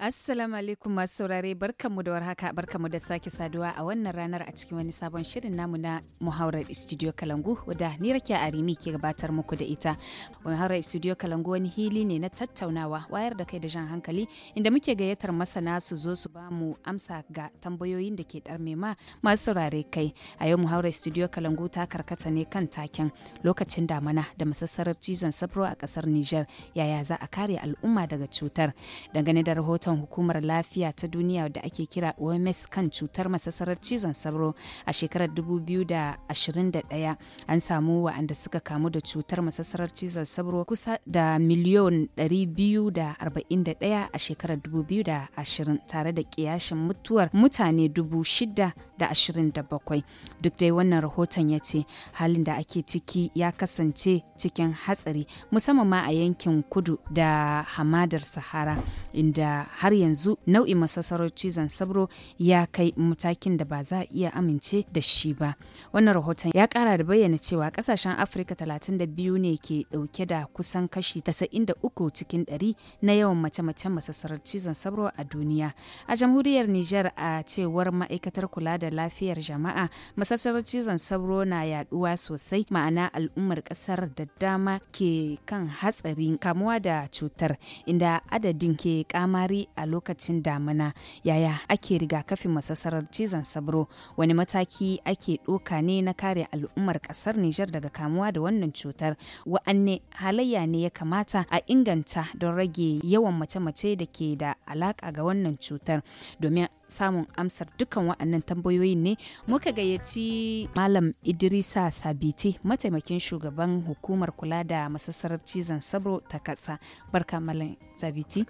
Assalamu alaikum masu saurare barkanmu da warhaka barkanmu da sake saduwa a wannan ranar a cikin wani sabon shirin namu na Muhawrar Studio Kalangu wadda ni Rakiya Arimi ke gabatar muku da ita. Muhawrar Studio Kalangu wani hili ne na tattaunawa wayar da kai da jan hankali inda muke gayyatar masana su zo su ba mu amsa ga tambayoyin da ke darme ma masu saurare kai. A yau Muhawrar Studio Kalangu ta karkata ne kan taken lokacin damana da masassarar cizon sabro a kasar nijar yaya za a kare al'umma daga cutar dangane da rahoton rahoton hukumar lafiya ta duniya da ake kira oms kan cutar masasarar cizon sauro a shekarar 2021 an samu wa'anda suka kamu da cutar masasarar cizon sauro kusa da miliyon 241 a shekarar 2020 tare da kiyashin mutuwar mutane 627 duk dai wannan rahoton ya ce halin da ake ciki ya kasance cikin hatsari musamman ma a yankin kudu da hamadar sahara inda har yanzu nau'in masasarar cizon sabro ya kai matakin da ba za a iya amince da shi ba wannan rahoton ya kara da bayyana cewa kasashen afirka 32 ne ke dauke da kusan kashi 93 cikin 100 na yawan mace-macen masasarar cizon sabro a duniya a jamhuriyar niger a cewar ma'aikatar kula da lafiyar jama'a masasarar cizon sabro na yaduwa sosai ma'ana al'ummar kasar da dama ke kan hatsarin kamuwa da cutar inda adadin ke kamari a lokacin damina yaya ake rigakafin masasarar cizon sabro wani mataki ake ɗoka ne na kare al'ummar ƙasar Nijar daga kamuwa da wannan cutar wa'anne halayya ne ya kamata a inganta don rage yawan mace-mace da ke da alaƙa ga wannan cutar domin samun amsar dukkan waɗannan tambayoyin ne muka gayyaci malam idrisa sabiti mataimakin shugaban hukumar kula da masassarar cizon sabro ta kasa barka malam sabiti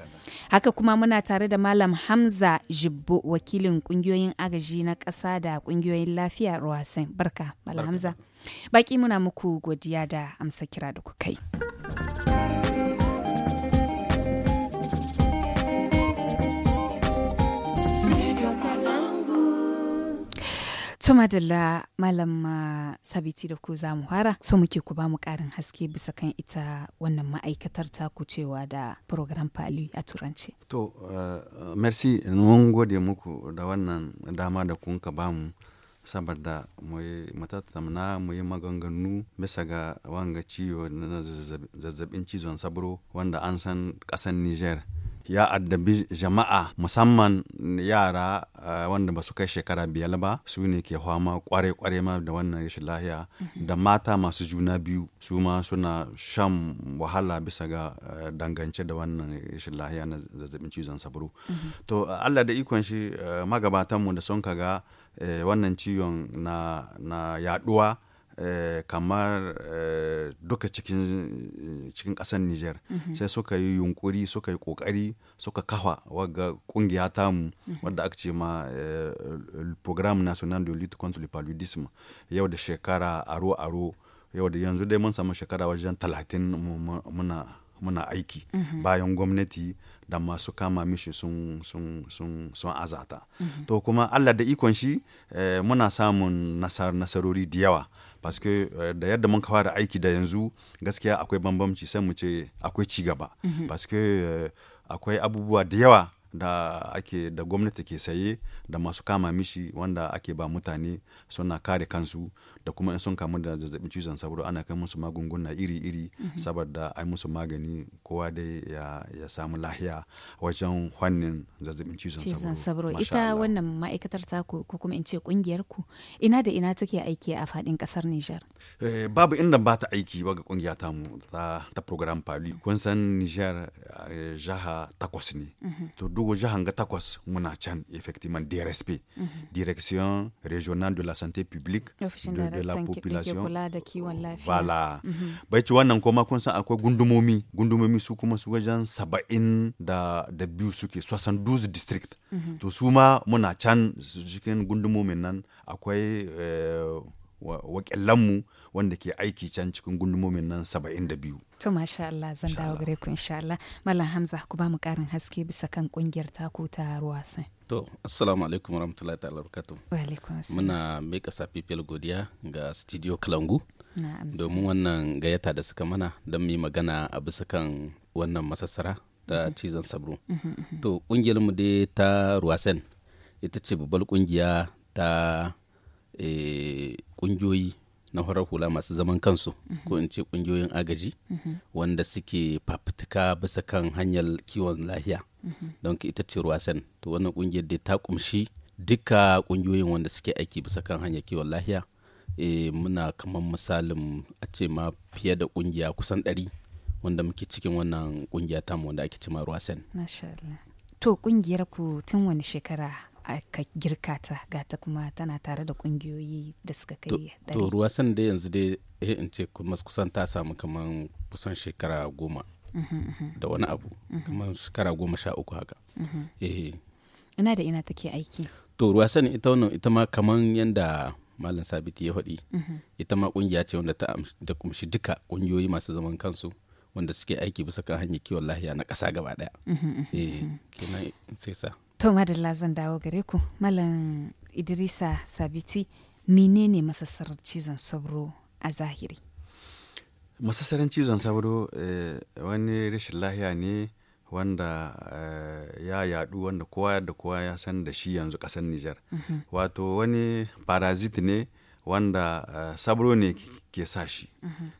haka kuma muna tare da malam hamza jibbo wakilin kungiyoyin agaji na ƙasa da kungiyoyin lafiya ruwasan barka malam hamza baki muna muku godiya da amsa kira da kuka yi To madalla malam ah, sabiti da ku za mu fara so muke ku ba mu karin haske bisa kan ita wannan ma'aikatar ta ku cewa da program pali a turanci. To ah, merci mun gode muku da wannan dama da kun ka bamu saboda mu yi matattamna mu yi maganganu bisa ga wanga ciwo na zazzabin cizon sabro wanda an san ƙasar Niger. ya addabi jama'a musamman yara eh, wanda ba su kai shekara biyar ba su ne ke hama kware-kware ma da wannan rashin lahiya mhm. da mata masu juna biyu su ma suna shan wahala bisa ga eh, dangance da wannan rashin lahiya na zazzabin cizon sabro mhm. to allah da ikon shi eh, magabatanmu da sun kaga wannan ciwon na yaduwa Eh, kamar eh, duka cikin ƙasar Nijar mhm. sai suka yi yunkuri suka yi ƙoƙari suka kafa waga ƙungiya tamu mhm. wadda aka ce ma eh, program national de lutte contre le paludisme yau da shekara aro-aro yau da yanzu dai mun samu shekara wajen talatin muna muna aiki mhm. bayan gwamnati da masu kama mishi sun, sun, sun, azata to kuma allah da ikon shi eh, muna samun nasar, nasarori da yawa parce que eh, da yadda mun kawa da aiki da yanzu gaskiya akwai bambamci sai mu ce akwai ci gaba mhm. parce que eh, akwai abubuwa da yawa da ake da gwamnati ke saye da masu kama mishi wanda ake ba mutane suna kare kansu da kuma in sun kamu da zazzabin cizon sauro ana kai musu magunguna iri-iri mhm. saboda ai musu magani kowa dai ya, samu lahiya wajen hannun zazzabin cizon sauro ita wannan ma'aikatar taku ko kuma in ce kungiyar ku ina da ina take aiki a fadin kasar Nijar eh, babu inda ba ta aiki ba ga kungiya ta mu ta, program Pali kun san Nijar eh, jaha takwas ne mhm. to duk jahan ga takwas muna can effectivement DRSP mhm. Direction Régionale de la Santé Publique de la population voilà mhm. bai ci wannan kuma kun san akwai gundumomi gundumomi su kuma su wajen saba'in da da biyu suke 72 district mhm. to su ma muna can cikin gundumomin nan akwai eh, wakilanmu wanda ke aiki can cikin gundumomin nan saba'in da biyu. To masha Allah zan dawo gare ku insha Allah. Malam Hamza ku ba mu karin haske bisa kan kungiyar taku ta Ruwasan. To, assalamu alaikum warahmatullahi ta'ala barakatuh. Wa alaikum assalam. Muna mika safifiyar godiya ga Studio Kalangu. Domin wannan gayyata da suka mana don mu magana a bisa kan wannan masassara ta mm-hmm. cizon sabro. Mm-hmm, mm-hmm. To, kungiyar mu dai ta Ruwasan ita ce babbar kungiya ta kungiyoyi eh, na horar hula masu zaman kansu ko in ce kungiyoyin agaji wanda suke fafutuka bisa kan hanyar kiwon lahiya don ka ita ce ruwasan to wannan kungiyar da ta kumshi duka kungiyoyin wanda suke aiki bisa kan hanyar kiwon lahiya eh, muna kamar misalin a ce ma fiye da kungiya kusan ɗari wanda muke cikin wannan kungiya tamu wanda ake cima ruwasan to kungiyar ku tun wani shekara aka girka ta gata kuma tana tare da kungiyoyi da suka kai to ruwa san da yanzu dai eh in ce kuma kusan ta samu kaman kusan shekara goma mhm, mhm. da wani abu mhm. kaman shekara goma sha uku haka eh ina da ina take aiki to ruwa san ita wannan ita ma kaman yanda malam sabiti ya faɗi ita ma kungiya ce wanda ta da kumshi duka kungiyoyi masu zaman kansu wanda suke aiki bisa kan hanyar kiwon lahiya na ƙasa gaba ɗaya eh kenan sai sa To madalla zan dawo gare ku Malam Idrisa Sabiti menene masassarar cizon sauro a zahiri? Masassarar cizon sauro eh, wani rashin lahiya ne wanda eh, ya yadu wanda kowa da kowa ya san da shi yanzu kasar Nijar. Mhm. Wato wani parazit ne wanda uh, sabro ne ke sa shi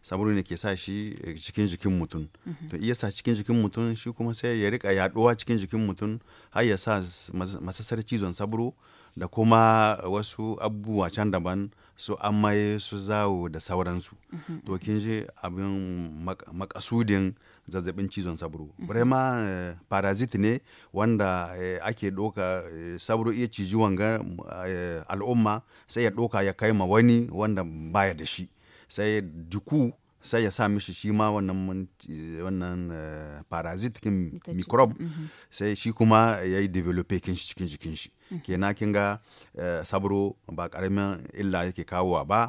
sabro ne ke sa shi eh, cikin jikin mutum to iya sa cikin jikin mutum shi kuma sai ya rika yaduwa cikin jikin mutum har ya sa masasar cizon sabro da kuma wasu abubuwa can daban su amaye su zawo da sauransu to kin je abin makasudin zazzabin cizon sabro brema mhm. eh, parasite ne wanda eh, ake doka eh, sabro iya ciji wanga al'umma sai ya doka ya kai ma wani wanda baya da shi sai duku sai ya sa mishi shi ma wannan wannan parasite microbe mhm. sai shi kuma ya yi develope cikin jikin shi kenan kin ga eh, sabro ba karamin illa yake kawowa ba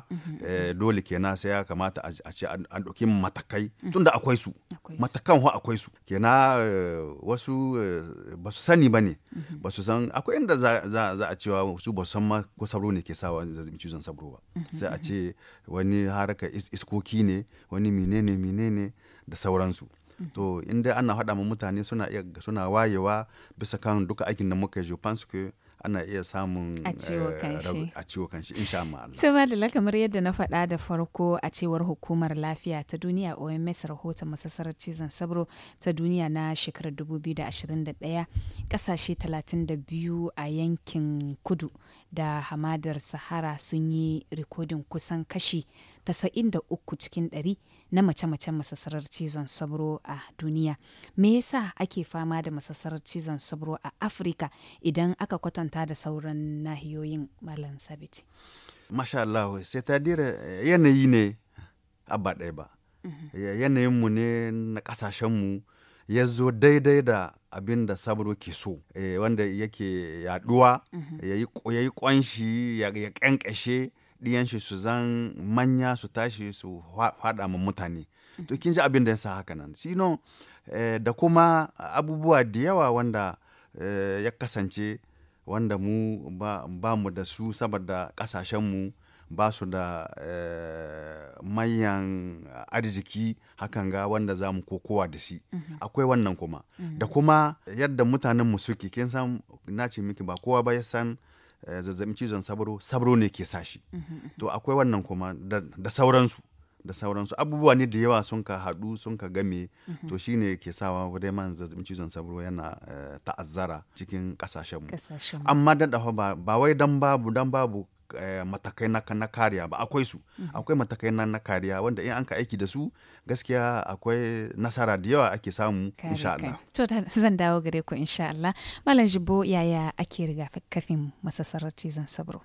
eh, dole kenan sai ya kamata a ce an ɗauki matakai tunda akwai su matakan ho akwai su kenan eh, wasu ba su sani ba ne ba su san akwai inda za a cewa su ba san ma ko sabro ne ke sawa zazzabin cizon sabro ba sai a ce wani haraka iskoki ne wani menene menene da sauransu to inda ana haɗa ma mutane suna iya suna wayewa bisa kan duka aikin da muka yi je ana iya samun eh, a ciwo kan shi insha Allah. Sai da kamar yadda na faɗa da farko a cewar hukumar lafiya ta duniya OMS rahoton masasarar cizon sabro ta duniya na shekarar 2021 ƙasashe 32 a yankin kudu da hamadar Sahara sun yi rikodin kusan kashi 93 cikin 100 na mace-macen masassarar cizon sabro a duniya me yasa ake fama da masassarar cizon sabro a afirka idan aka kwatanta da sauran nahiyoyin malam sabiti masha Allah sai ta dira eh, yanayi ne a ɗaya ba mhm. yanayinmu ne na ƙasashenmu ya zo daidai da abin da sabro ke so eh, wanda yake yaduwa mhm. ya yi ƙwanshi ya ƙyanƙashe ɗiyan shi su zan manya su tashi su faɗa ma mutane to kin ji abin da ya sa haka nan sino eh, da kuma abubuwa da yawa wanda eh, ya kasance wanda mu ba mu da su saboda mu ba su da eh, manyan arziki hakan ga wanda za mu kokowa da shi mhm. akwai wannan kuma da mhm. kuma yadda mutanen mu suke kin san na ce miki ba kowa ba ya san Eh, zazzabin cizon sabro sabro ne ke sashi to akwai wannan kuma da sauransu da sauransu abubuwa ne da yawa sun ka haɗu sun ka game to shine ke sawa dai man zazzabin cizon sauro yana eh, ta'azzara cikin ƙasashenmu amma da ba wai dan babu dan babu Eh, matakai na kariya ba akwai su mhm. akwai matakai na kariya wanda in an ka aiki da su gaskiya akwai nasara da yawa ake samu insha Allah to zan dawo gare ku insha Allah malam jibo yaya ake rigakafin masassarar zan sabro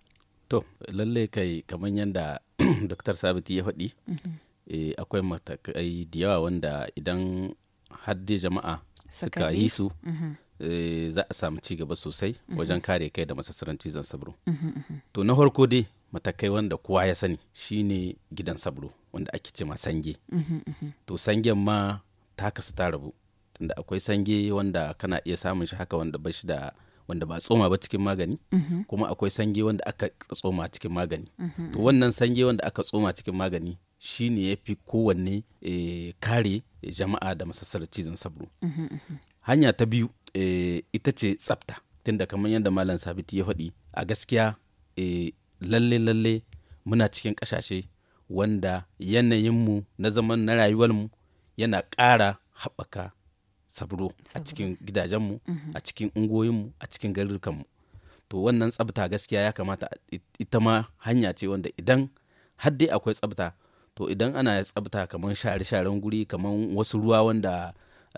to lalle kai kamar yadda dr sabiti ya faɗi mhm. eh, akwai matakai da yawa wanda idan har jama'a suka yi su mhm. Eh, za a samu ci gaba sosai mhm. wajen kare kai da masassaran cizon sabro mhm, mhm, to na farko dai matakai wanda kowa ya sani shine gidan sabro wanda ake ce sange to sangen ma ta kasu ta rabu tunda akwai sange wanda kana iya samun shi haka wanda ba shi da wanda ba tsoma ba cikin magani kuma akwai sange wanda aka tsoma cikin magani to wannan sange wanda aka tsoma cikin magani shine ya fi kowanne eh, kare jama'a da masasar cizon sabro hanya ta biyu Eh, ita ce tsafta tunda kamar yadda malam sabiti ya faɗi a gaskiya eh, lalle lalle muna cikin ƙasashe wanda yanayinmu na zaman na rayuwar mu yana ƙara haɓaka sabro mhm. a cikin gidajen mu a cikin mu a cikin mu to wannan tsabta gaskiya ya kamata ita ma hanya ce wanda idan har dai akwai tsabta to idan ana tsabta kamar share-sharen guri kamar wasu ruwa wanda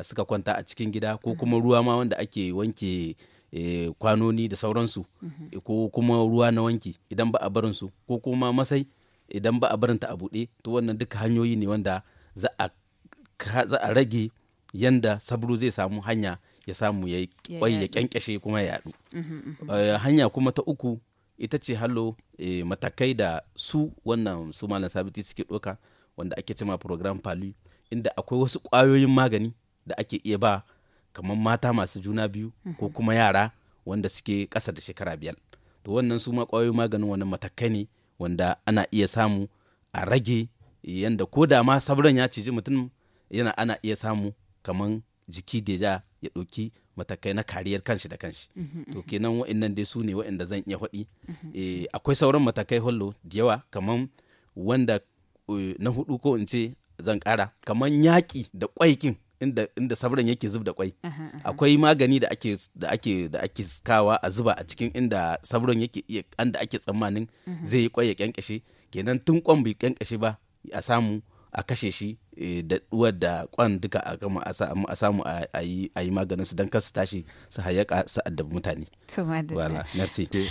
suka kwanta a cikin gida ko kuma ruwa ma wanda ake wanke e, kwanoni da sauransu e, ko kuma ruwa na wanki idan ba a barin ko kuma masai idan ba a barinta a buɗe to wannan duka hanyoyi ne wanda za a rage yanda sabro zai samu hanya ya samu ya kwai ya kyankyashe kuma ya yaɗu mhm, mhm, eh, hanya kuma ta uku ita ce hallo eh, matakai da su wannan su malam sabiti suke doka wanda ake cema program palu inda akwai wasu ƙwayoyin magani da ake iya ba kamar mata masu juna biyu ko mhm. kuma yara wanda suke ƙasa da shekara biyar to wannan su ma ƙwayoyin maganin wani matakai ne wanda ana iya samu a rage yadda ko da ma sabran ya ciji mutum yana ana iya samu kamar jiki ja ya ɗauki matakai na kariyar kanshi da kanshi mhm, to mhm. kenan wa'annan dai su ne wa'anda zan iya faɗi eh, akwai sauran matakai hollo da yawa kamar wanda eh, na hudu ko in ce zan ƙara kamar yaƙi da ƙwaikin inda inda sabran yake zub da kwai akwai magani da ake da ake da ake kawa a zuba a cikin inda sabran yake inda ake tsammanin mhm. zai yi kwai ya kyankashe kenan tun kwan bai kyankashe ba a samu a kashe shi eh, da uwar da kwan duka a gama a samu a yi maganin su don kasu tashi su hayaka su addabi mutane.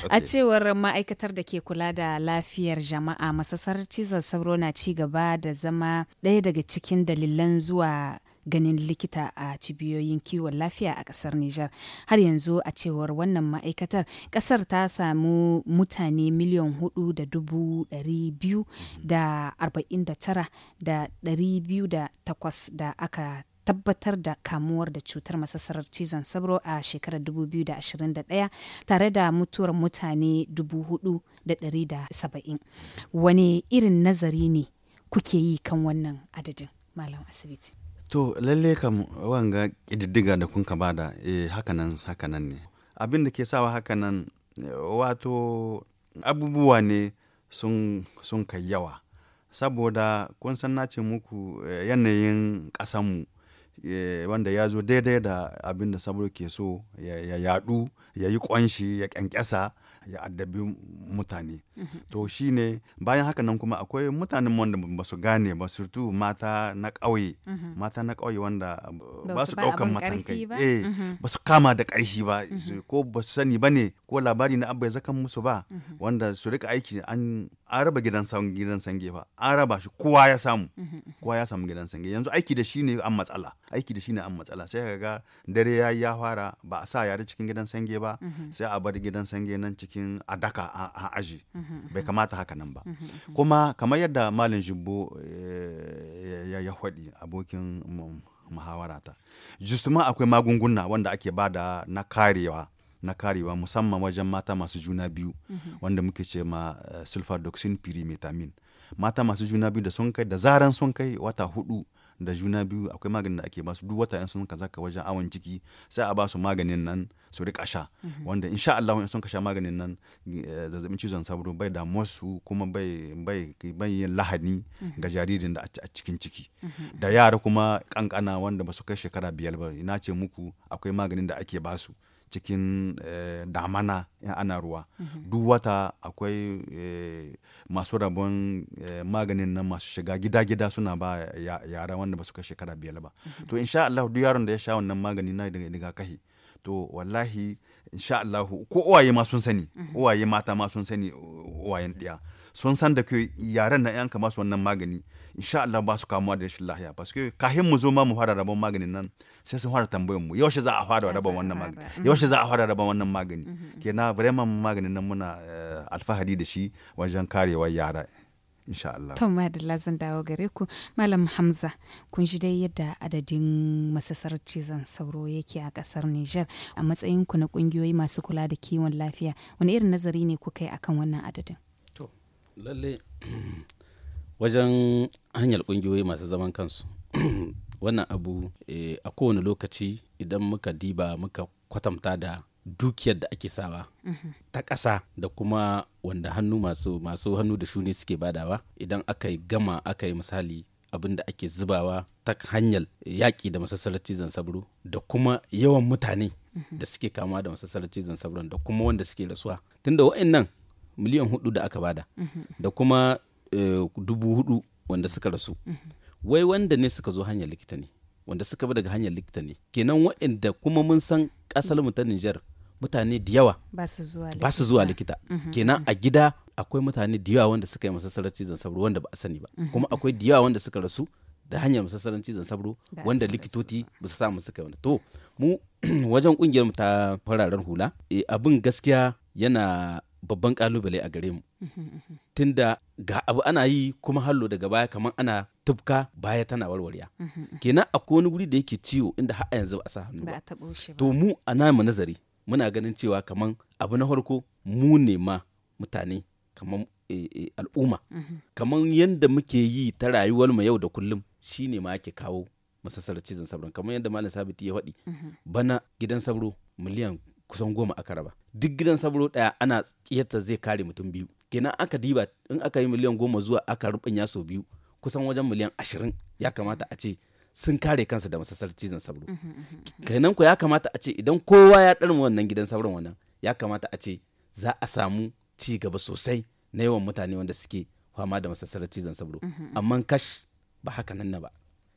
A cewar ma'aikatar da ke kula da lafiyar jama'a masasar cizon sabro na ci gaba da zama ɗaya daga cikin dalilan zuwa ganin likita a cibiyoyin kiwon lafiya a kasar Nijar. Har yanzu a cewar wannan ma'aikatar kasar ta samu mutane miliyan hudu da dubu dari biyu da arba'in da tara da dari biyu da takwas da aka tabbatar da kamuwar da cutar masasarar cizon sabro a shekarar 2021 tare da mutuwar mutane 4,170 wani irin nazari ne kuke yi kan wannan adadin malam asibiti To lalle kam wanga ƙididdiga da kun ka da e, eh, hakanan hakanan ne. Abin da ke sawa hakanan wato abubuwa ne sun, kai yawa. Saboda kun san nace muku eh, yanayin ƙasanmu eh, wanda ya zo daidai da abin da saboda ke so ya, ya yadu ya yi ƙwanshi ya ƙyanƙyasa. ya addabi mutane mhm. to shine bayan haka nan kuma akwai mutanen wanda ba su gane ba surtu mata na ƙauye mhm. mata na ƙauye wanda ba su ɗaukan matankai eh mhm. ba su kama da ƙarfi ba ko ba su sani ba ne ko labari na abu ya zakan musu ba wanda su rika aiki an raba gidan gidan sange ba an raba shi kowa ya samu kowa ya samu gidan sange yanzu aiki da shi an matsala aiki da shi ne an matsala sai ka ga dare ya ya fara ba a sa yare cikin gidan sange ba sai a bar gidan sange nan cikin cikin a daka a aji mhm, mhm, mhm. bai kamata haka nan ba kuma kamar yadda malin jimbo eh, ya haɗi abokin muhawarata justuma akwai magunguna wanda ake bada na karewa na karewa musamman wajen mata masu juna biyu wanda muke ce ma eh, sulfadoxin pyrimethamine mata masu juna biyu da sun kai da zaran sun kai wata hudu da juna biyu akwai maganin da ake basu duk wata in sun kaza ka wajen awon ciki sai a basu maganin nan su rika sha mhm. wanda insha Allah in sun ka sha maganin nan eh, zazzabin cizon sauro bai da musu kuma bai bai bai yin lahani mhm. ga jaririn da a cikin ciki mhm. da yara kuma kankana wanda ba su kai shekara biyar ba ina ce muku akwai maganin da ake basu cikin eh, damana in ana ruwa duk wata akwai eh, masu rabon eh, maganin nan masu shiga gida-gida suna ba yara wanda ba su kai shekara biyar ba to insha Allah duk yaron da ya sha wannan magani na daga kahi to wallahi insha Allah ko uwaye ma sun sani uwaye mata ma sun sani uwayen ɗiya sun san da ke yaran na yanka masu wannan magani insha Allah ba su kamuwa da rashin lahiya paske kahin mu zo ma mu fara rabon maganin nan sai sun fara tambayar mu mhm. yaushe za a fara rabon wannan magani yaushe za a fara rabon wannan magani kenan vraiment maganin nan muna eh, alfahari da shi wajen karewar yara insha Allah. To madalla zan dawo gare ku Malam Hamza kun ji dai yadda adadin masasar cizon sauro yake a kasar Niger a matsayin ku na kungiyoyi masu kula da kiwon lafiya wani irin nazari ne kuka yi akan wannan adadin? To lalle wajen hanyar ƙungiyoyi masu zaman kansu wannan abu eh, a kowane lokaci idan muka diba muka kwatanta da dukiyar da ake sawa mhm. ta ƙasa da kuma wanda hannu masu masu hannu da shuni suke badawa idan aka yi gama aka yi misali abin da ake zubawa ta hanyar yaƙi da masassarar cizon sabro da kuma yawan mutane mhm. da suke kama da masassarar cizon sabron da kuma wanda suke rasuwa tunda waɗannan miliyan hudu da aka bada mhm. da kuma Eh, dubu hudu wanda suka rasu mhm. wai wanda ne suka zo hanyar likita ne wanda suka bi daga hanyar likita ne kenan waɗanda kuma mun san ƙasar mu ta Nijar mutane da yawa ba su zuwa likita mhm, kenan mhm. a gida akwai mutane da yawa wanda suka yi masassarar cizon sabro wanda ba a sani ba kuma akwai da yawa wanda suka rasu da hanyar masassarar cizon sabro wanda likitoci ba su samu suka wani to mu wajen kungiyar mu ta fararen hula eh, abin gaskiya yana babban kalubale a gare mu tunda ga abu ana yi kuma hallo daga baya kamar ana tufka baya tana warwarya kenan akwai wani guri da yake ciwo inda har yanzu ba a sa hannu ba to mu a mu nazari muna ganin cewa kamar abu na farko mu ne ma mutane kamar eh, eh, al'umma kamar yadda muke yi ta rayuwar mu yau da kullum shine ma ake kawo masasar cizon sabron kamar yadda malam sabiti ya faɗi bana gidan sabro miliyan kusan goma aka raba duk gidan sabro ɗaya ana ƙiyarta zai kare mutum biyu kenan aka diba in aka yi miliyan goma zuwa aka rubanya sau biyu kusan wajen miliyan ashirin ya kamata a ce sun kare kansa da masasar cizon sabro kenan ko ya kamata a ce idan kowa ya ɗarmi wannan gidan sabron wannan ya kamata a ce za a samu ci gaba sosai na yawan mutane wanda suke fama da masasar cizon sabro amma kash ba haka nan na ba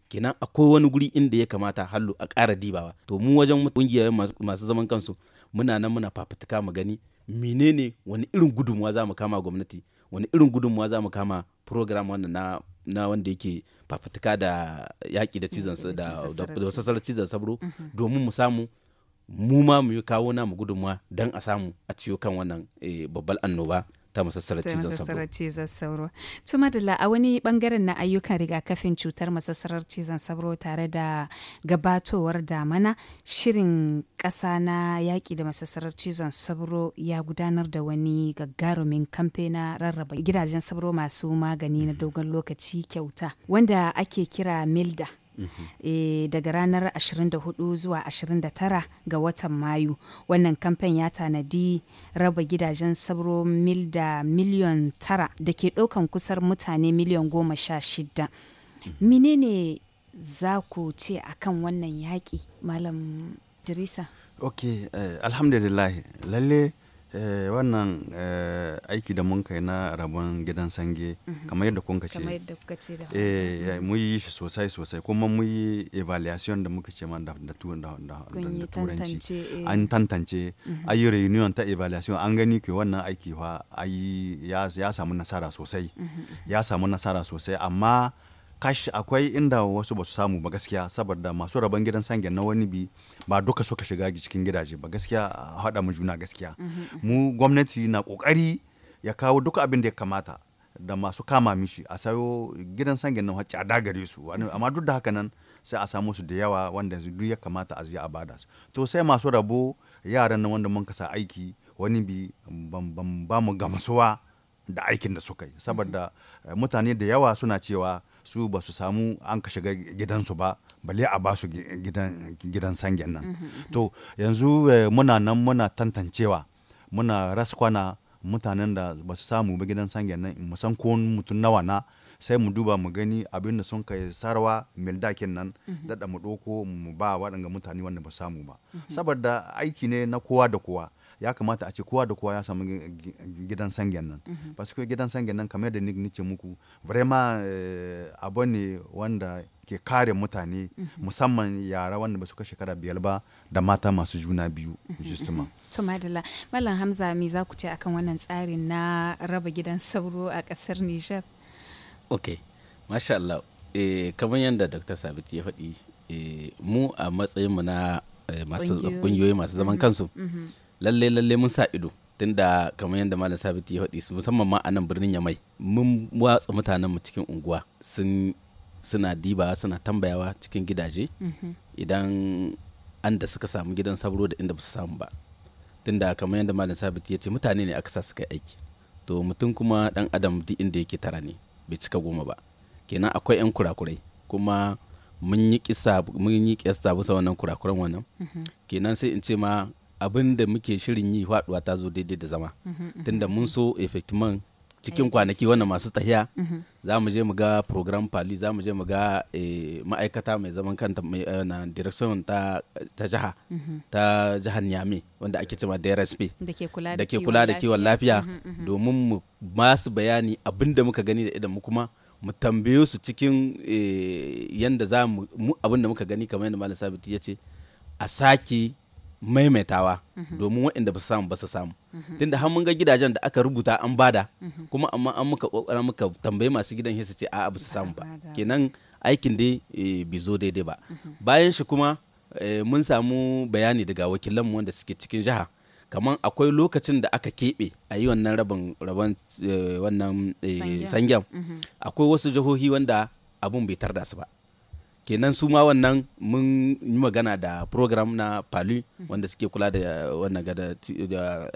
kenan akwai wani guri inda ya kamata hallu a ƙara dibawa to mu wajen ƙungiyar masu zaman kansu muna nan muna fafutuka mu gani menene wani irin gudunmuwa za mu kama gwamnati wani irin gudunmuwa za mu kama program wannan na na wanda yake fafutuka da yaƙi da cizon da sassarar cizon sabro mhm. domin mu samu mu ma mu kawo na mu gudunmuwa dan a samu a ciyo kan wannan eh, babbal annoba ta masassarar cizon sauro. Masassarar cizon sauro. a wani bangaren na ayyukan rigakafin cutar masassarar cizon sauro tare da gabatowar damana shirin ƙasa na yaƙi da masassarar cizon sauro ya gudanar da wani gagarumin kamfe na rarraba gidajen sauro masu magani na dogon lokaci kyauta wanda ake kira Milda. e, daga ranar 24 zuwa 29 ga watan mayu wannan kamfen ya tanadi raba gidajen sabro mil da miliyan tara da ke ɗaukan kusar mutane miliyan goma sha shida menene za ku ce akan wannan yaƙi malam dirisa ok eh, alhamdulillah lalle Eh, wannan eh, aiki da mun kai na rabon gidan sange mhm. kamar yadda kun ce eh, mhm. mu yi shi sosai sosai kuma mun yi evaluation da muka ce ma da turanci an tantance mhm. ayi yi reunion ta evaluation an gani ke wannan aiki ya samu nasara sosai ya samu nasara sosai amma kashi akwai inda wasu ba su samu ba gaskiya saboda masu rabon gidan sangen na wani bi ba duka suka shiga cikin gidaje ba gaskiya haɗa mu juna gaskiya mm-hmm, mm-hmm. mu gwamnati na ƙoƙari ya kawo duka abin da ya kamata da masu kama mishi a sayo gidan sangen na wacce a dagare su amma duk da haka nan sai a samu su da yawa wanda yanzu duk ya kamata a a bada su to sai masu rabo yaran nan wanda mun kasa aiki wani bi ba mu gamsuwa da aikin da suka yi mm-hmm. saboda eh, mutane da yawa suna cewa su ba su samu an ka shiga gidansu ba bale a ba su gidan sangen nan mm-hmm, mm-hmm. to yanzu eh, muna nan muna tantancewa muna raskwana mutanen da ba su samu ba gidan sangen nan musan ko mutum nawa na sai mu duba mu gani abin da sun kai sarwa mildakin nan mm-hmm. daɗa mu doko mu ba waɗanga mutane wanda ba samu ba saboda aiki ne na kowa da kowa ya kamata a ce kowa da kowa ya samu gidan sangen nan mhm. parce que gidan sangen nan kamar da ni ce muku vraiment eh, abu ne wanda ke kare mutane mhm. musamman yara wanda ba su shekara biyar ba da mata masu juna biyu mhm. justement. to madalla malam hamza me za ku ce akan wannan tsarin na raba gidan sauro a kasar nijar. ok masha allah eh, kamar yadda dr sabit ya faɗi eh, mu a matsayinmu na eh, masu ƙungiyoyi masu zaman kansu lalle lalle mun sa ido tunda kamar yadda malam sabiti ya faɗi musamman ma a nan birnin yamai mun watsa mutanen mu cikin unguwa sun suna diba suna tambayawa cikin gidaje mhm. idan an da suka samu gidan sabro da inda ba su samu ba tunda kamar yadda malam sabiti ya ce mutane ne aka sa suka aiki to mutum kuma dan adam duk inda yake tara ne bai cika goma ba kenan akwai yan kurakurai kuma mun yi kisa mun yi kiyasta bisa wannan kurakuran wannan mhm. kenan sai in ce ma abin da muke shirin yi faduwa ta zo daidai da zama mhm, mhm, mhm. tunda mun so effectman cikin kwanaki wannan masu tahiya za mu je mu ga program pali za mu je mu ga eh, ma'aikata mai zaman kanta mai eh, na direction ta jiha ta jihar niamey wanda ake cewa drsp da ke kula da kiwon lafiya domin mu masu bayani abin da muka gani da idan mu kuma mu tambaye su cikin eh, yanda za mu abin da muka gani kamar yadda malam sabiti ya ce a sake maimaitawa mhm. domin waɗanda ba su samu ba su samu mhm. tunda har mun ga gidajen da aka rubuta an bada mhm. kuma amma an muka kokara muka tambayi masu gidan su ce a'a ba su samu ba kenan aikin dai eh, bai zo daidai ba bayan shi kuma eh, mun samu bayani daga wakilanmu wanda suke cikin jiha kamar akwai lokacin da aka keɓe a yi wannan rabin rabon eh, wannan sangen akwai wasu jihohi wanda abun bai tarda su ba kenan su ma wannan mun yi magana da program na palu mm. wanda suke kula da wannan gada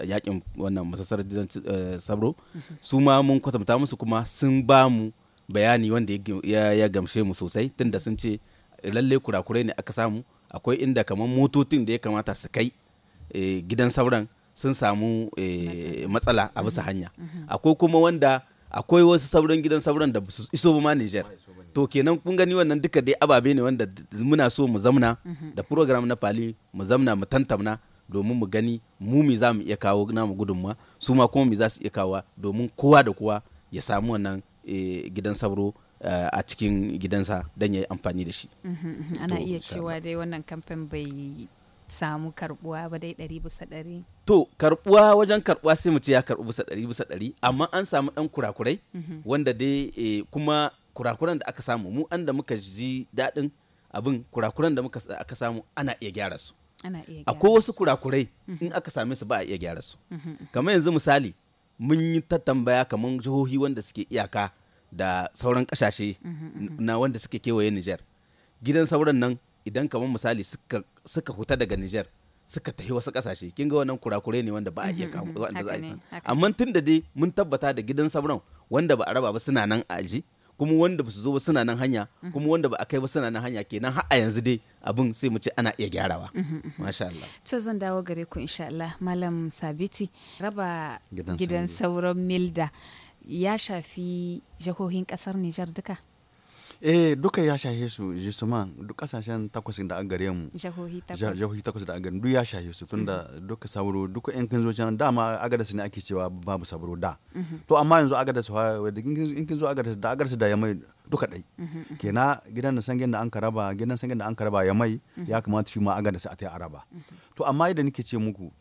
yakin wannan masasar eh, sabro mm-hmm. su ma mun kwatanta musu kuma sun ba mu bayani wanda ya gamshe mu sosai tunda sun ce lalle kurakurai ne aka samu akwai inda kamar motocin da ya kamata su kai eh, gidan sauran sun samu eh, matsala a bisa mm-hmm. hanya mm-hmm. akwai kuma wanda akwai wasu sauran gidan sauran da su iso ma Niger to kenan kun gani wannan duka dai ababe ne wanda muna so mu zamna da program na Pali mu zamna mu tantamna domin mu gani mu me za mu iya kawo namu gudunma su ma kuma me za su iya kawo domin kowa da kowa ya samu wannan eh, gidan sauro eh, a cikin gidansa don ya yi amfani da shi. Mhmm, mhmm, ana iya cewa dai wannan kamfen bai samu karbuwa ba dai ɗari bisa ɗari. To karbuwa wajen karbuwa sai mu ce ya karbu bisa ɗari bisa ɗari amma an samu ɗan kurakurai mhm. wanda dai eh, kuma kurakuran da aka samu mu an da muka ji daɗin abin kurakuran da muka aka samu ana iya gyara su. Akwai wasu kurakurai mhm. in aka same su ba a iya gyara su. Mhm, kamar yanzu misali mun yi ta tambaya kamar jihohi wanda suke iyaka da sauran ƙasashe na wanda suke kewaye Nijar. Gidan sauran nan idan kamar misali suka suka huta daga Niger suka tafi wasu kasashe kin ga wannan kurakurai ne wanda ba a iya mm-hmm, kamo mm-hmm. wanda za a yi amma tun da dai mun tabbata da gidan sabran wanda ba a raba ba suna nan a aji kuma wanda ba su zo ba suna nan hanya mm-hmm. kuma wanda ba a kai ba suna nan hanya kenan har a yanzu dai abin sai mu ce ana iya gyarawa masha Allah to zan dawo gare ku insha Allah malam Sabiti raba gidan sauran Milda ya shafi jihohin kasar Nijar duka eh duka ya shahe su justement duk kasashen takwas da an gare mu jahohi takwas da an gare duk ya shahe su tunda mhm. duka sauro duka yan kin zo can dama agadas ne ake cewa babu sauro da mhm. to amma yanzu agadas in kin zo agadas da agadas da yamai duka dai mhm, kenan gidan da sangen da an karaba gidan sangen da an karaba ya ya kamata shi ma agadas a ta araba to amma idan nake ce muku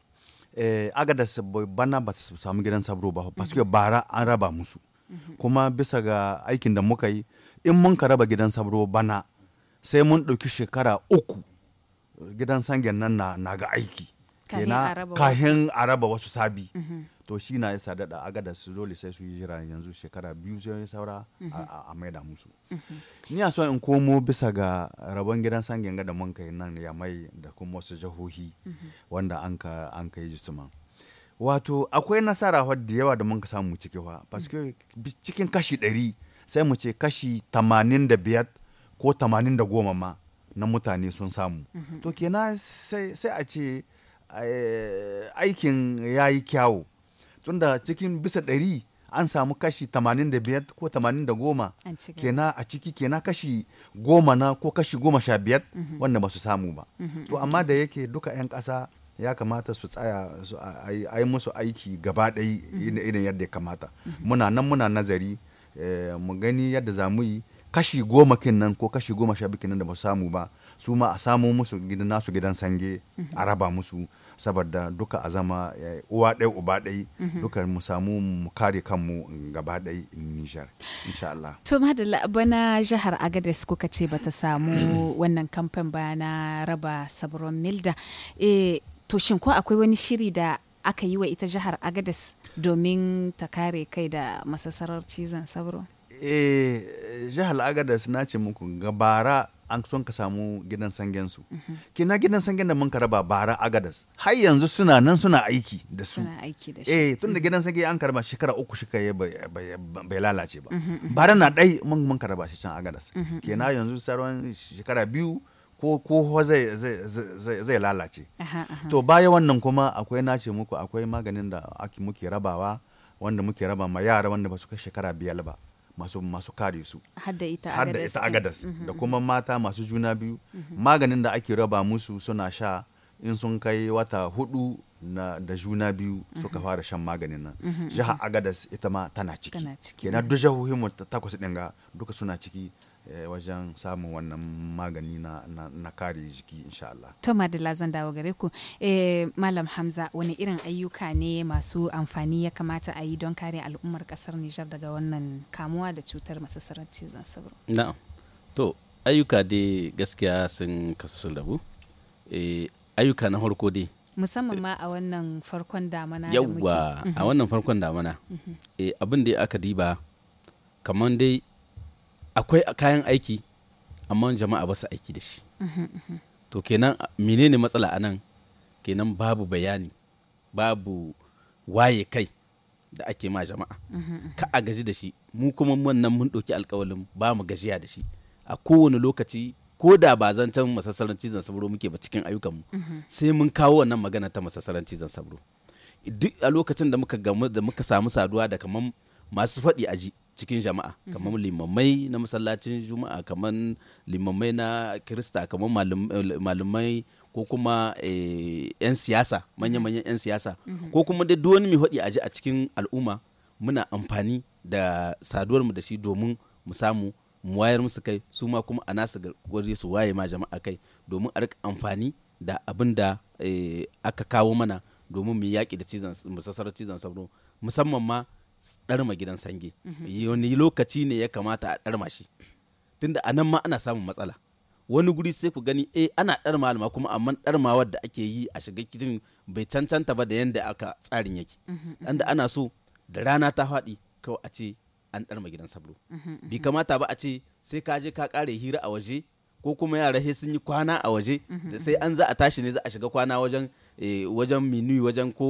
eh, agadas bana ba su samu gidan sabro ba parce bara an raba musu kuma bisa ga aikin da muka yi in mun ka raba gidan sabro bana sai mun ɗauki shekara uku gidan sangen nan na, ga aiki kenan kahin a raba wasu sabi mhm. to shi na yasa daɗa aga da su dole sai su yi jira yanzu shekara biyu sai saura mhm. a, maida musu mhm. ni a so in komo bisa ga rabon gidan sangen da mun kai nan ya mai da kuma wasu jihohi wanda an ka yi jisuman wato akwai nasara da yawa da mun ka samu ciki fa cikin kashi ɗari sai mu ce kashi tamanin da ko tamanin ma na mutane sun samu mm -hmm. to kena sai a ce eh, aikin ya yi kyawu tunda cikin bisa ɗari an samu kashi 85 ko 80 kenan a ciki kena kashi goma na ko kashi goma sha biyar mm -hmm. wanda ba su samu ba mm -hmm. to amma da yake duka 'yan ƙasa ya kamata su tsaya su a yi musu aiki gaba ɗaya mhm. yadda ya kamata mhm. muna nan muna nazari Eh, mu gani yadda za mu yi kashi goma kin nan ko kashi goma sha bikin nan da ba samu ba su ma a samu musu gidan nasu gidan sange a raba musu saboda duka a zama eh, uwa ɗaya uba ɗai mhm. duka mu samu mu kare kanmu gaba ɗai Nijar insha Allah. To madalla bana jihar Agadez kuka ce bata samu wannan kamfen ba na raba sabron milda. E, to shin ko akwai wani shiri da aka yi wa ita jihar agadas domin ta kare kai da masasarar cizon sauro eh jihar agadas na ce muku gabara an son ka samu gidan sangen su mhm. kina gidan sangen da mun ka raba bara agadas har yanzu suna nan suna aiki da su suna aiki da shi eh tun da gidan sange an karaba shekara uku shi kai bai lalace ba mhm, mhm. bara na dai mun mun shi can agadas kina yanzu sauran shekara biyu ko ko zai zai lalace to baya wannan kuma akwai nace muku akwai maganin da ake muke rabawa wanda muke raba ma yara wanda ba kai shekara biyar ba masu masu kare su hadda ita agadas, mhm, da mhm. kuma mata masu juna biyu mhm. maganin da ake raba musu suna sha in sun kai wata hudu na da juna biyu suka fara shan maganin nan jihar agadas ita ma tana ciki kenan duk jihohin mu takwas ɗin ga duka suna ciki Eh, wajen samun wannan magani na, na, na kare jiki insha Allah. Toma da zan dawo gare ku. E, Malam Hamza wani irin ayyuka ne masu amfani ya kamata a yi don kare al'ummar kasar Nijar daga wannan kamuwa da cutar masasarar cizon sauro? Na'am. To ayyuka dai gaskiya sun kasu sun rabu. E, ayyuka na harko dai musamman ma a wannan farkon damana yawwa a mhm. wannan farkon damana mhm. abin da aka diba kamar dai akwai kayan aiki amma jama'a ba su aiki da shi to kenan menene matsala a nan kenan babu bayani babu waye kai da ake ma jama'a ka a gaji da shi mu kuma wannan mun ɗauki alkawalin ba mu gajiya da shi a kowane lokaci ko da ba zancen masassarar cizon sabro muke ba cikin ayyukanmu sai mun kawo wannan magana ta masassarar cizon sabro duk a lokacin da muka gamu da muka samu saduwa da kamar masu faɗi a ji. cikin jama'a mhm. kamar limamai na masallacin juma'a kamar limamai na kirista kamar malamai ko kuma eh, 'yan siyasa manya-manyan 'yan siyasa mhm. ko kuma da wani mai haɗi ji a cikin al'umma muna amfani da saduwar mu da shi domin mu samu mu wayar musu kai su ma kuma a nasu gwari su waye ma jama'a kai domin a rika amfani da abin da eh, aka kawo mana domin mu yaƙi da cizon musassarar cizon sauro musamman ma ɗarma gidan sange mhm. wani lokaci ne ya kamata a tsarma shi tunda a nan ma ana samun matsala wani guri sai ku gani eh ana tsarma alma kuma amma ɗarmawar da ake yi a shiga kicin bai cancanta ba da yadda aka tsarin yake inda mhm, mhm, ana so da rana ta faɗi kawai a ce an ɗarma gidan sabro bi kamata ba a ce sai ka je ka ƙare hira a waje ko kuma yara sai sun yi kwana a waje mhm, sai mhm. an za a tashi ne za a shiga kwana wajen eh, wajen minui wajen ko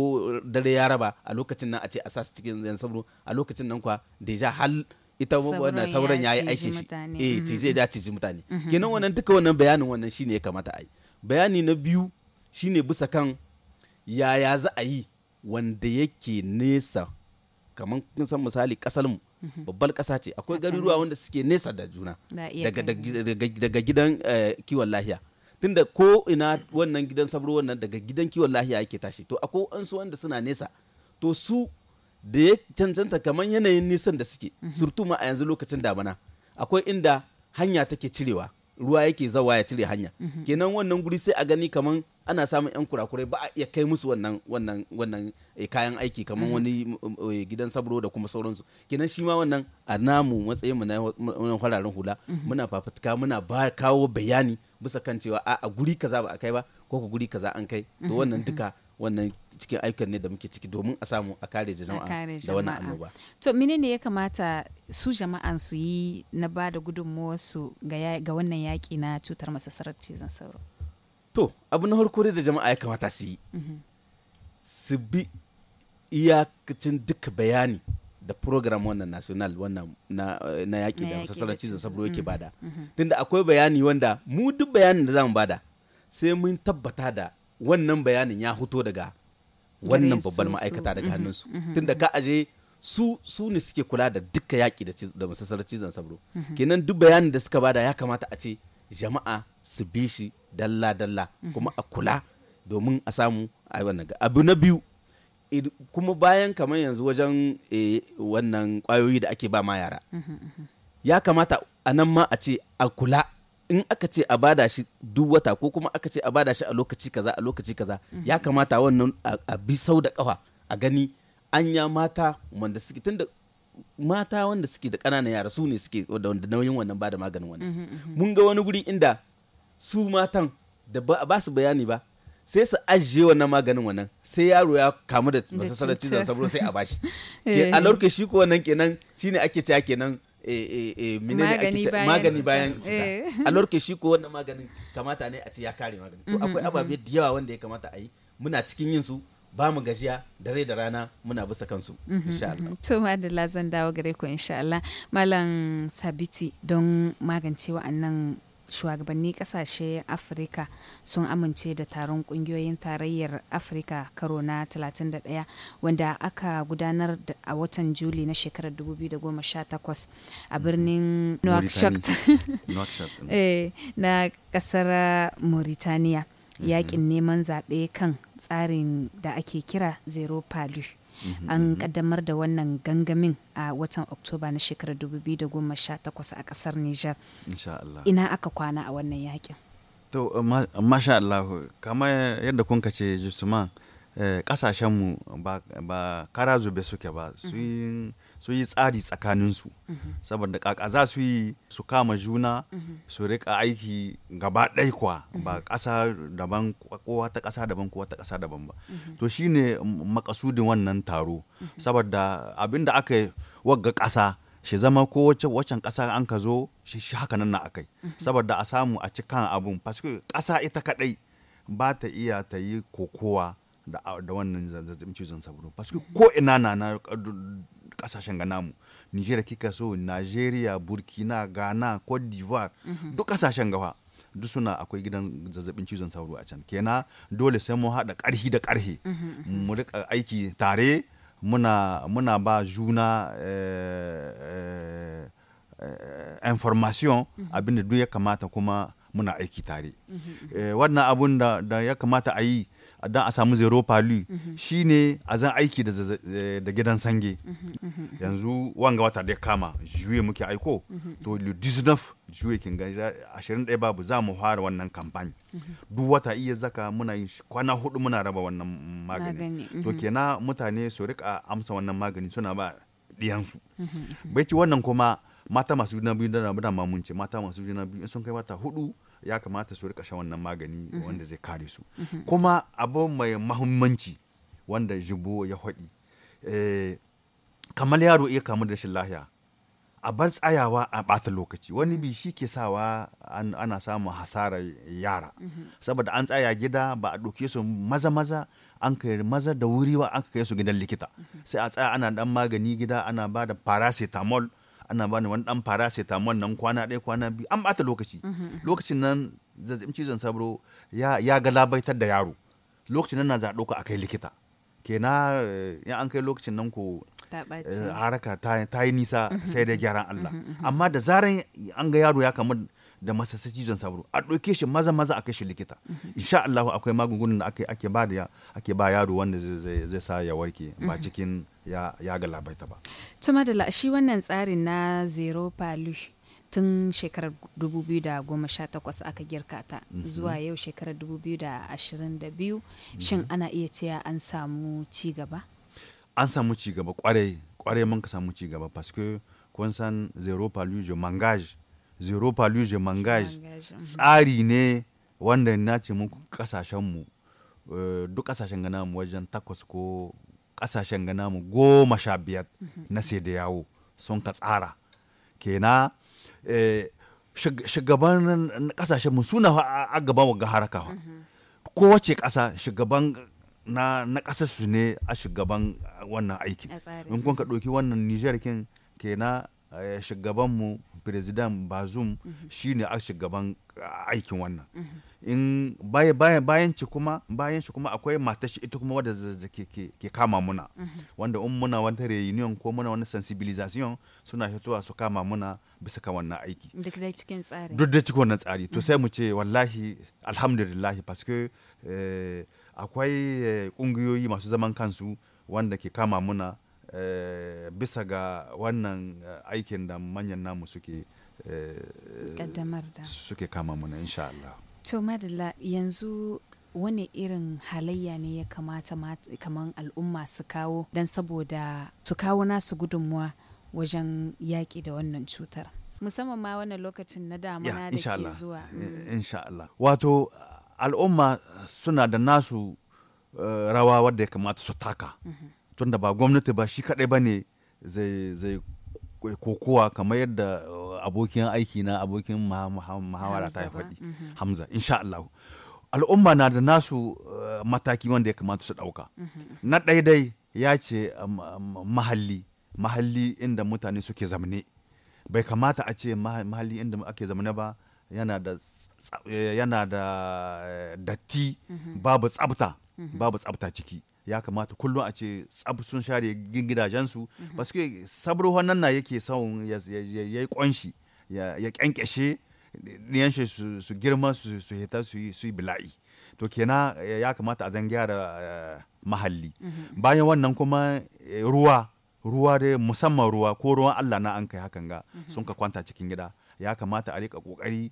dare ya raba a lokacin nan a ce a sa su cikin yan sabro a lokacin nan kwa deja hal ita wannan sauran ya yi aikin shi eh mhm, cije ja ciji mutane kenan wannan duka wannan bayanin wannan shine ya kamata a yi bayani na biyu shine bisa kan yaya za a yi wanda yake nesa kamar kun san misali kasalmu mu Mhm. babbar ƙasa ce akwai garuruwa wanda suke nesa da juna daga gidan eh, kiwon lahiya tunda ko ina wannan gidan sabro wannan daga gidan kiwon lahiya yake tashi to akwai wasu wanda suna nesa to su da ya cancanta kamar yanayin nisan da suke mhm. surtu ma a yanzu lokacin damana akwai inda hanya take cirewa ruwa yake zawa ya cire hanya mhm. kenan wannan guri sai a gani kaman ana samun yan kurakurai ba ya kai musu wannan wannan wannan eh, kayan aiki kaman mhm. wani mm, mm, eh, gidan sabro da kuma sauransu kenan shi ma wannan a namu matsayin mu na hararin hula mhm. muna fafutuka muna ba kawo bayani bisa kan cewa a guri kaza ba a kai ba ko ku guri kaza an kai to wannan duka wannan cikin ayyukan ne da muke ciki domin a samu a kare jama'a da wannan annoba. To menene ya kamata su jama'an su yi na ba da su ga wannan yaƙi na cutar masasarar cizon sauro? To abu na farko da jama'a ya kamata su yi. Mhm. Su bi iyakacin duka bayani da program wannan national wannan na, na yaƙi da masasarar cizon sauro yake mm, bada. Mhm. Tunda akwai bayani wanda mu duk bayanin da zamu bada sai mun tabbata da wannan bayanin ya huto daga wannan babban ma'aikata daga mhm. hannunsu mhm. tun da ka aje su su ne suke kula da duka yaƙi da masasar cizon sabro mhm. kenan duk bayanin da suka bada ya kamata a ce jama'a su bi shi dalla-dalla kuma a kula domin a samu abu na biyu kuma bayan kamar yanzu wajen eh, wannan kwayoyi da ake ba ma yara ya kamata a nan ma a ce a kula in aka ce a bada shi duk wata ko kuma aka ce a bada shi a lokaci kaza a lokaci kaza mhm. ya kamata wannan a bi sau da kafa a gani anya mata wanda suke tunda mata wanda suke da ƙananan yara su ne suke da nauyin wannan bada maganin wannan mhm, mhm. mun ga wani guri inda su matan da ba su bayani ba sai su ajiye wannan maganin wannan sai yaro ya kamu da masasarar cizon sauro sai a bashi a lorke eh. shi ko wannan kenan shine ake cewa kenan Eh, eh, eh, magani bayan cuta a lorke shi ko wannan maganin kamata ne a ce ya kare magani to akwai mm-hmm, ababe mm-hmm. da yawa wanda ya kamata a yi muna cikin yin su ba mu gajiya dare da rana muna bisa kansu mm-hmm, insha Allah to da zan dawo gare ku insha Allah malam Sabiti don magance wa'annan shugabanni kasashe afirka sun amince da taron kungiyoyin tarayyar afirka karo na 31 wanda aka gudanar a watan juli na shekarar 2018 a birnin nouakchott mm. eh, na kasar mauritania mm-hmm. yakin neman zaɓe kan tsarin da ake kira zero palu Mm-hmm. an mm-hmm. kaddamar da wannan gangamin a watan oktoba na shekarar 2018 a kasar nijar ina aka kwana a wannan yakin to masha Allah kama yadda kun ce jisuman Eh, kasashenmu ba kara zube suke ba mhm. su yi tsari tsakaninsu mhm. saboda kakaza za su yi su kama juna mhm. su rika aiki gaba ɗai kuwa ba ƙasa daban kowa ta ƙasa daban kowa ta ƙasa daban ba to shine makasudin wannan taro saboda abinda aka wagga ƙasa shi zama ko waccan ƙasa an ka zo shi haka nan na akai saboda a samu a cikin abun ƙasa ita kaɗai ba ta iya ta yi kokowa da wannan zazzabin cizon sauro parce que ko ina na na kasashen ga namu nigeria kika so nigeria burkina ghana cote d'ivoire mhm. duk kasashen gawa duk suna akwai gidan zazzabin cizon sauro a can kena dole sai mu haɗa ƙarhi da ƙarhe mhm, mhm, mu rika aiki tare muna muna ba juna eh, eh information abinda duk ya kamata kuma muna aiki tare eh, wannan abun da ya kamata a yi don a samu zero palu mhm. shi ne a zan aiki da eh, gidan sange mhm, mhm, yanzu wanga wata da kama juye muke aiko to le 19 juye kin ga 21 babu za mu fara wannan kamfani duk wata iya zaka muna yin kwana hudu muna raba wannan magani to kenan mutane su rika amsa wannan magani suna ba diyansu bai ci wannan kuma mata masu juna biyu da muna mata masu juna biyu sun kai wata hudu ya kamata su rika sha wannan magani mhm. wanda zai kare su mhm. kuma abu mai mahimmanci wanda jibo ya haɗi eh, kamar yaro iya kamu da rashin lahiya a bar tsayawa a ɓata lokaci wani mhm. bi shi ke sawa ana samun hasara yara saboda an tsaya gida ba a ɗauke su maza maza an kai maza da wuri ba an kai su gidan likita sai a tsaya ana dan magani gida ana ba da paracetamol ana bani wani dan paracetamol nan kwana ɗaya kwana biyu an bata lokaci mm-hmm, mm-hmm. lokacin nan zazzabin cizon sabro ya ya galabaitar da yaro lokacin nan na za ɗauka kai likita kena ya eh, an kai lokacin nan ko eh, haraka ta yi nisa mm-hmm, sai da gyaran Allah amma da zaran an ga yaro ya kamu da masassa cizon sabro a ɗauke shi maza maza a kai shi likita insha Allah akwai magungunan da ake ba da ake ba yaro wanda zai sa ya warke ba cikin ya, ya ta ba tuma da shi wannan tsarin na zero palu tun shekarar 2018 aka girka ta mhm. zuwa yau shekarar 2022 shin mhm. ana iya cewa an samu ci gaba an samu ci gaba kwarai kwarai mun ka samu ci gaba paske kun san zero je mangaj zero je mangaj mhm. tsari ne wanda na ce muku kasashenmu eh, duk kasashen gana mu wajen takwas ko kasashen gana mu goma sha biyar na sai da yawo sun ka tsara kena eh, shugaban kasashen mu suna a gaba ga haraka kowace ƙasa shugaban na kasa su ne a shugaban wannan aikin in kun ka ɗauki wannan nijar kin kena shugabanmu firizidan bazum shine a shugaban aikin wannan in bayan ci kuma bayan shi kuma akwai matar shi ita kuma wadda ke kama muna wanda in muna wanta reunion ko muna wani sensibilization suna fitowa su kama muna bisa ka wannan aiki duk da cikin tsari duk da cikin tsari to mm-hmm. sai mu ce wallahi alhamdulillah paske eh, akwai kungiyoyi eh, masu zaman kansu wanda ke kama muna Eh, bisa ga wannan eh, aikin da manyan namu suke eh, kaddamar suke kama muna insha Allah. To madalla yanzu wani irin halayya ne ya kamata kamar al'umma su kawo don saboda su kawo nasu gudunmuwa wajen yaƙi da wannan cutar. Musamman ma wannan lokacin na damuna da ke zuwa. Mm. Insha Allah. Wato al'umma suna da nasu rawa wadda ya kamata su taka. Mhm. tunda ba gwamnati ba shi kadai ba ne zai kokowa kamar yadda uh, abokin aiki na abokin muhawara ta faɗi mhm. hamza insha Allah al'umma na da nasu uh, mataki wanda ya kamata su ɗauka mhm, mhm. na daidai ya ce um, um, mahalli mahalli inda mutane suke zamne bai kamata a ce mahalli inda ake zamne ba yana da eh, yana da eh, datti babu tsabta babu tsabta ciki ya kamata kullum a ce tsab sun share gidajensu mhm. ba su sabro wannan na yake son ya yi ƙwanshi ya ƙyanƙyashe ɗiyanshi su girma su hita su yi bila'i to kenan eh, ya kamata a zan gyara eh, mahalli mhm. bayan wannan kuma eh, ruwa ruwa da musamman ruwa ko ruwan allah na an kai hakan ga mhm. sun ka kwanta cikin gida ya kamata a rika ƙoƙari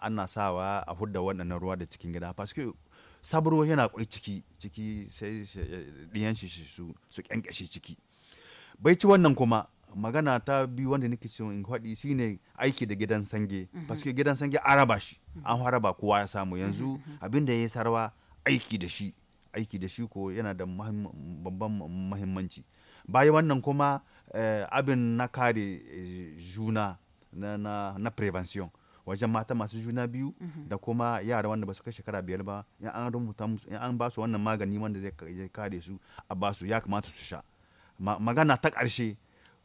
ana sawa a hudda waɗannan ruwa da cikin gida sabro yana kwai ciki ciki sai ɗiyan shi su su ciki bai ci wannan kuma magana ta biyu wanda nake so in faɗi shine aiki da gidan sange mhm. paske gidan sange araba shi mhm. an haraba kowa ya samu yanzu mhm, abin da ya sarwa aiki da shi aiki da shi ko yana da babban mahimmanci bayi wannan kuma eh, abin na kare eh, juna na prevention wajen mata masu juna biyu mhm. da kuma yara wanda ba su kai shekara biyar ba in an rubuta in an ba su wannan magani wanda zai kare su a ba su ya kamata su sha magana ta karshe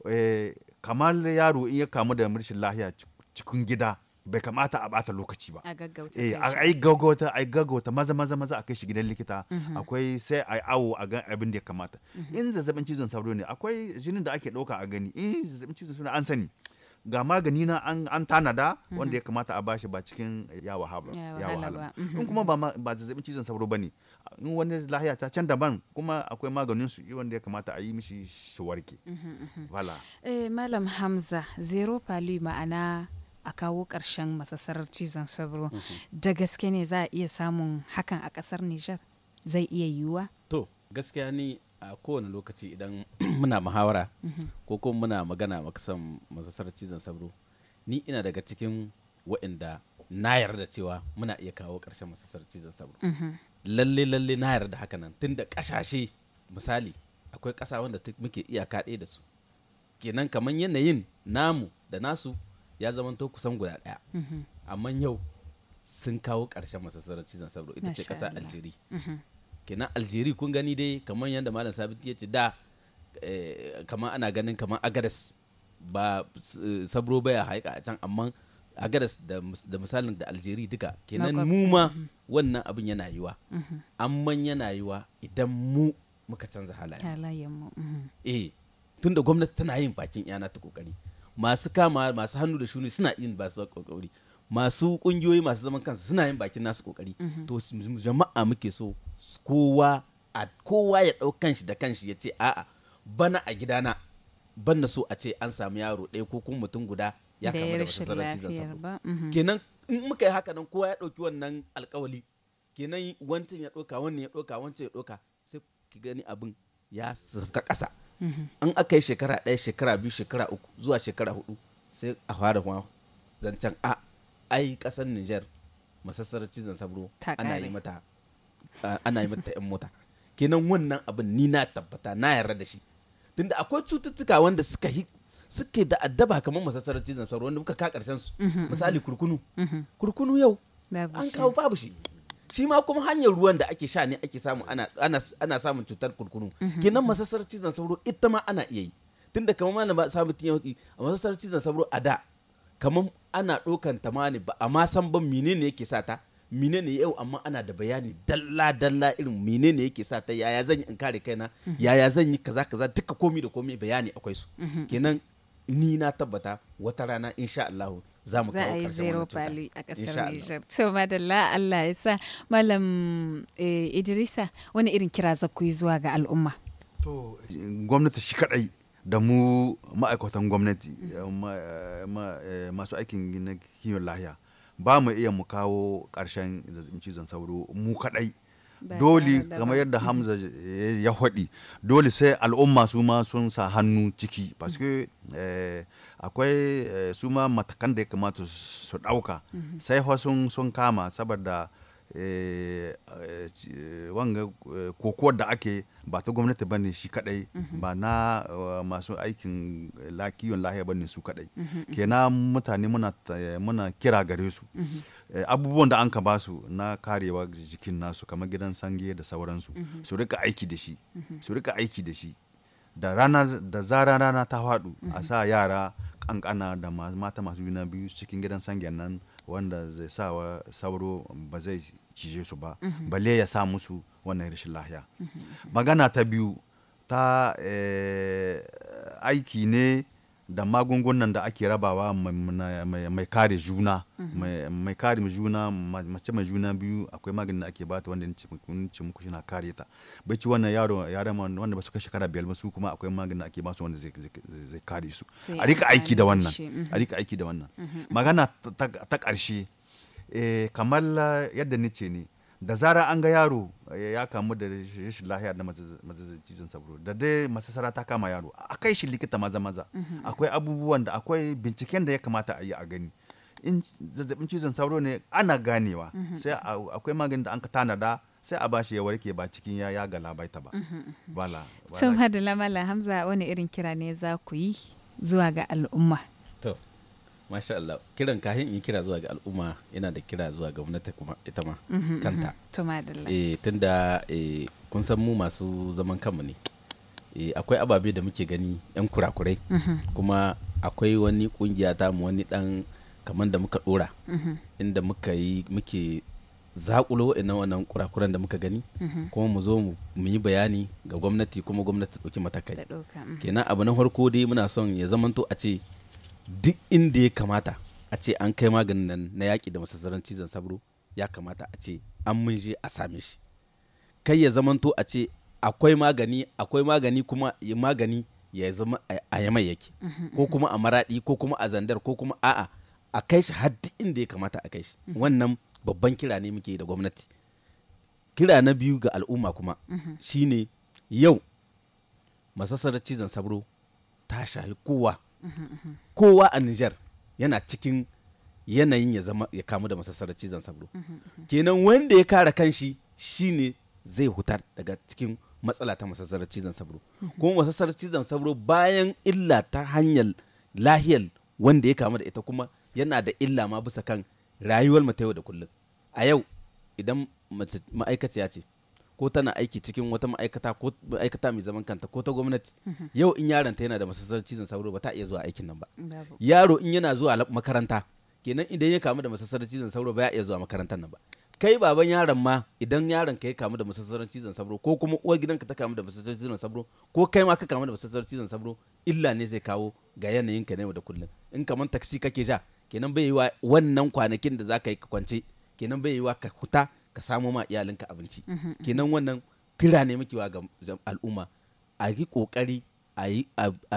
eh, kamar yaro in ya kamu da murshin lahiya cikin gida bai kamata a bata lokaci ba. A gaggauta. Eh, a gaggauta, maza maza maza a kai shi gidan likita. Mhm. Akwai sai a awo a gan abin da ya kamata. Mhm. In zazzabin cizon sauro ne, akwai jinin da ake ɗauka a gani. In eh, zazzabin cizon sauro an sani. ga magani na an, an tanada mm -hmm. wanda ya kamata a bashi ba cikin eh, ya wahala ya wahala in mhm. kuma ba ba zazzabin cizon sauro bane in wani lahiya ta can daban kuma akwai maganin su wanda ya kamata a yi mishi shi warke mhm, mhm. wala eh malam hamza zero palu ma'ana a kawo ƙarshen masasar cizon sauro da gaske ne za a iya samun hakan a ƙasar Nijar zai iya yiwuwa to gaskiya ni a kowane lokaci idan muna muhawara ko kuma muna magana makasan masasar cizon sabro ni ina daga cikin wa'inda na yarda cewa muna iya kawo ƙarshen masasar cizon sabro lalle lalle na yarda haka nan da ƙasashe misali akwai ƙasa wanda muke iyaka ɗaya da su kenan kamar yanayin namu da nasu ya zamanto kusan guda ɗaya amma yau sun kawo ƙarshen masasar cizon sabro ita ce ƙasa aljeri kenan algeria kun gani dai kamar yadda malam sabiti ya ce da eh, kamar ana ganin kamar agadas ba eh, sabro baya haika a can amma agadas da misalin da algeria duka kenan mu ma wannan abin yana yiwa mhm. amma yana yiwa idan mu muka canza halayen mu mhm. eh tunda gwamnati tana yin bakin yana ta kokari masu kama masu hannu da shuni suna yin ba su kokari masu kungiyoyi masu zaman kansu suna yin bakin nasu kokari mhm. to jama'a muke so kowa a kowa ya ɗau kanshi da kanshi ya ce a'a bana a gidana ban na so a ce an samu yaro ɗaya ko kuma mutum guda ya kama da wata zarar cizon sabo mhm. kenan in muka yi haka nan kowa ya ɗauki wannan alkawali kenan wancan ya ɗauka wannan ya ɗauka wancan ya ɗauka sai ki gani abin ya sauka ƙasa an mhm. aka yi shekara ɗaya shekara biyu shekara uku zuwa shekara hudu sai a fara zancen a ai kasar Nijar masassarar cizon sabro ana yi mata ana yi mata 'yan mota kenan wannan abin ni na tabbata na yarda da shi tunda akwai cututtuka wanda suka yi suke da addaba kamar masassarar cizon sabro wanda muka ka karshen su mhm, mhm. misali kurkunu mhm. kurkunu yau an kawo babu shi shi ma kuma hanyar ruwan da ake sha ne ake samu ana samun cutar kurkunu kenan masassarar cizon sabro ita ma ana iya yi tunda kamar ma na samu tiyan a masassarar cizon sabro a da kamar ana ɗaukan ta ma ne ba a ma san ban ne yake sa ta ne yau amma ana da bayani dalla dalla irin ne yake sa ta yaya zan yi in kare kaina mhm. yaya zan yi kaza kaza duka komi da komi bayani akwai su mhm. kenan ni na tabbata wata rana insha Allah za mu kawo ƙarshen zero palu a sha Niger to madalla Allah ya sa malam eh, Idrisa wani irin kira za ku yi zuwa ga al'umma to gwamnati shi kadai da mu ma'aikatan gwamnati eh, eh, eh, masu aikin na kiyon lahiya ba mu iya mu kawo ƙarshen zazzabin cizon sauro mu kaɗai dole kamar yadda mm-hmm. hamza ya haɗi dole sai al'umma su ma sun sa hannu ciki paske akwai su ma matakan da ya kamata su ɗauka mm-hmm. sai sun kama saboda Eh, eh, wanga eh, kokowar da ake ba ta gwamnati ba ne shi kadai mhm. ba na masu aikin kiwon lahiya ba ne su kadai mhm, mhm. ke na mutane muna kira gare su abubuwan da an ka basu na karewa jikin nasu kamar gidan sange da sauransu su rika aiki da shi su rika aiki da shi da rana da zara rana ta faɗu a sa yara kankana da mata masu juna biyu cikin gidan sange. nan wanda zai sa sauro ba zai cije su ba mhm. balle ya sa musu wannan rashin lahiya mhm. magana ta biyu ta eh, aiki ne da magungunan da ake rabawa mai kare juna mai kare juna mhm. mace mai juna biyu akwai maganin da ake bata wanda ci muku shi na kare ta bai ci wannan yaro yaran wanda ba su kai shekara biyar su kuma akwai maganin da ake basu wanda zai kare su mhm. a rika aiki da wannan a rika aiki da wannan magana ta ƙarshe eh, kamar yadda ni ce ne da zara an ga yaro eh, ya kamu da rashin lahiya da mazazzabin sauro da dai masasara ta kama yaro a kai shi likita maza maza mhm. akwai abubuwan da akwai binciken da ya kamata a yi a gani in zazzabin cizon sauro ne ana ganewa mhm. sai akwai maganin da an ka tanada sai a ba shi ya warke ba cikin ya ya ta ba bala mhm, tun hadala lamala hamza wani irin kira ne za ku yi zuwa ga al'umma Masha Allah kiran kahin in kira zuwa ga al'umma yana da kira zuwa ga gwamnati kuma ita ma mhm, mhm. kanta. Tuma Eh tunda eh, kun san mu masu zaman kanmu ne. Eh, akwai ababe da muke gani yan kurakurai mhm. kuma akwai wani kungiya ta mu wani dan kamar da muka dora inda muka yi muke zakulo ina wannan kurakuran da muka gani kuma mu zo mu yi bayani ga gwamnati kuma gwamnati ta ɗauki matakai kenan abu na farko dai muna son ya zamanto a ce duk inda ya kamata a ce an kai maganin nan na yaƙi da masassarar cizon sabro ya kamata a ce an mun je a same shi kai ya zamanto a ce akwai magani akwai magani kuma magani ya zama a yamai yake mm-hmm, mm-hmm. ko kuma a maraɗi, ko kuma a zandar ko kuma a'a a kai shi har duk inda ya kamata a kai shi mm-hmm. wannan babban kira ne muke da gwamnati kira na biyu ga al'umma kuma shine yau masassarar cizon sabro ta shafi kowa kowa a Nijar yana cikin yanayin ya zama ya kamu da masassarar cizon sauro kenan wanda ya kare kanshi ne zai hutar daga cikin matsala ta masassarar cizon sauro kuma masassarar cizon sauro bayan illa ta hanyar lahiyar wanda ya kamu da ita kuma yana da illa ma bisa kan rayuwar mata yau da kullum a yau idan ma'aikaciya ce ko tana aiki cikin wata ma'aikata ko ma'aikata mai zaman kanta ko ta gwamnati mhm. yau in yaron ta yana da masasar cizon sauro ba ta iya zuwa aikin nan ba yaro in yana zuwa makaranta kenan idan ya kamu da masasar cizon sauro ba ya iya zuwa makarantar nan ba kai baban yaron ma idan yaron ka ya kamu da masasar cizon sauro ko kuma uwar gidanka ta kamu da masasar cizon sauro ko kai ma ka kamu da masasar cizon sauro illa ne zai kawo ga yanayin na yau da kullum in kaman taksi kake ja kenan bai yi wa wannan kwanakin da za ka yi ka kwance kenan bai yi wa ka huta ka samo ma iyalinka abinci mm-hmm, mm-hmm. kenan wannan kira ne muke ga al'umma a yi kokari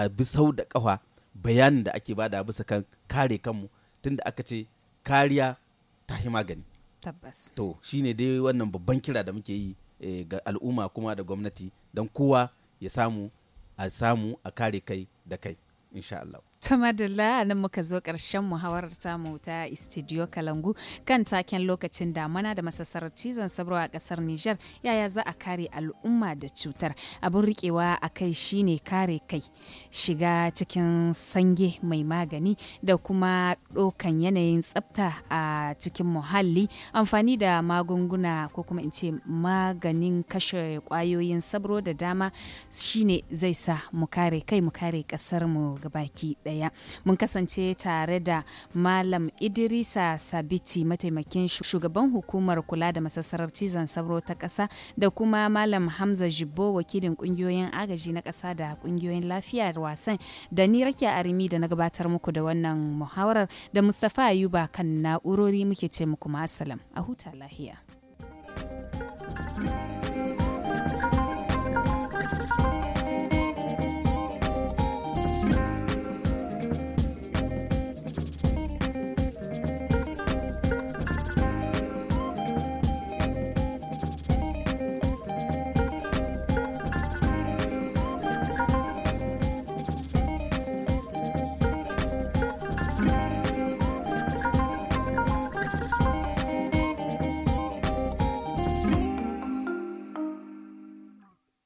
a bi sau da kafa bayanin da ake bada bisa kan kare kanmu tunda aka ce kariya ta magani tabbas to shine dai wannan babban kira da muke yi eh, ga al'umma kuma da gwamnati don kowa ya samu a samu a kare kai da kai insha Allah ta madalla nan muka zo ƙarshen muhawarar tamu ta istidiyo kalangu kan taken lokacin damana da masasar cizon sabro a ƙasar nijar yaya za a kare al'umma da cutar abin riƙewa a kai shine kare kai shiga cikin sange mai magani da kuma ɗokan yanayin tsafta a cikin muhalli amfani da magunguna ko kuma in ce maganin kashe ƙwayoyin sabro da dama shine zai sa mu kare kai mu kare ƙasar mu gabaki ɗaya ɗaya mun kasance tare da malam idrisa sabiti mataimakin shugaban hukumar kula da masassarar cizon sauro ta ƙasa da kuma malam hamza jibbo wakilin ƙungiyoyin agaji na ƙasa da ƙungiyoyin lafiya wasan da ni rake arimi da na gabatar muku da wannan muhawarar da mustapha ayuba kan na'urori muke ce muku masalam a huta lahiya. thank you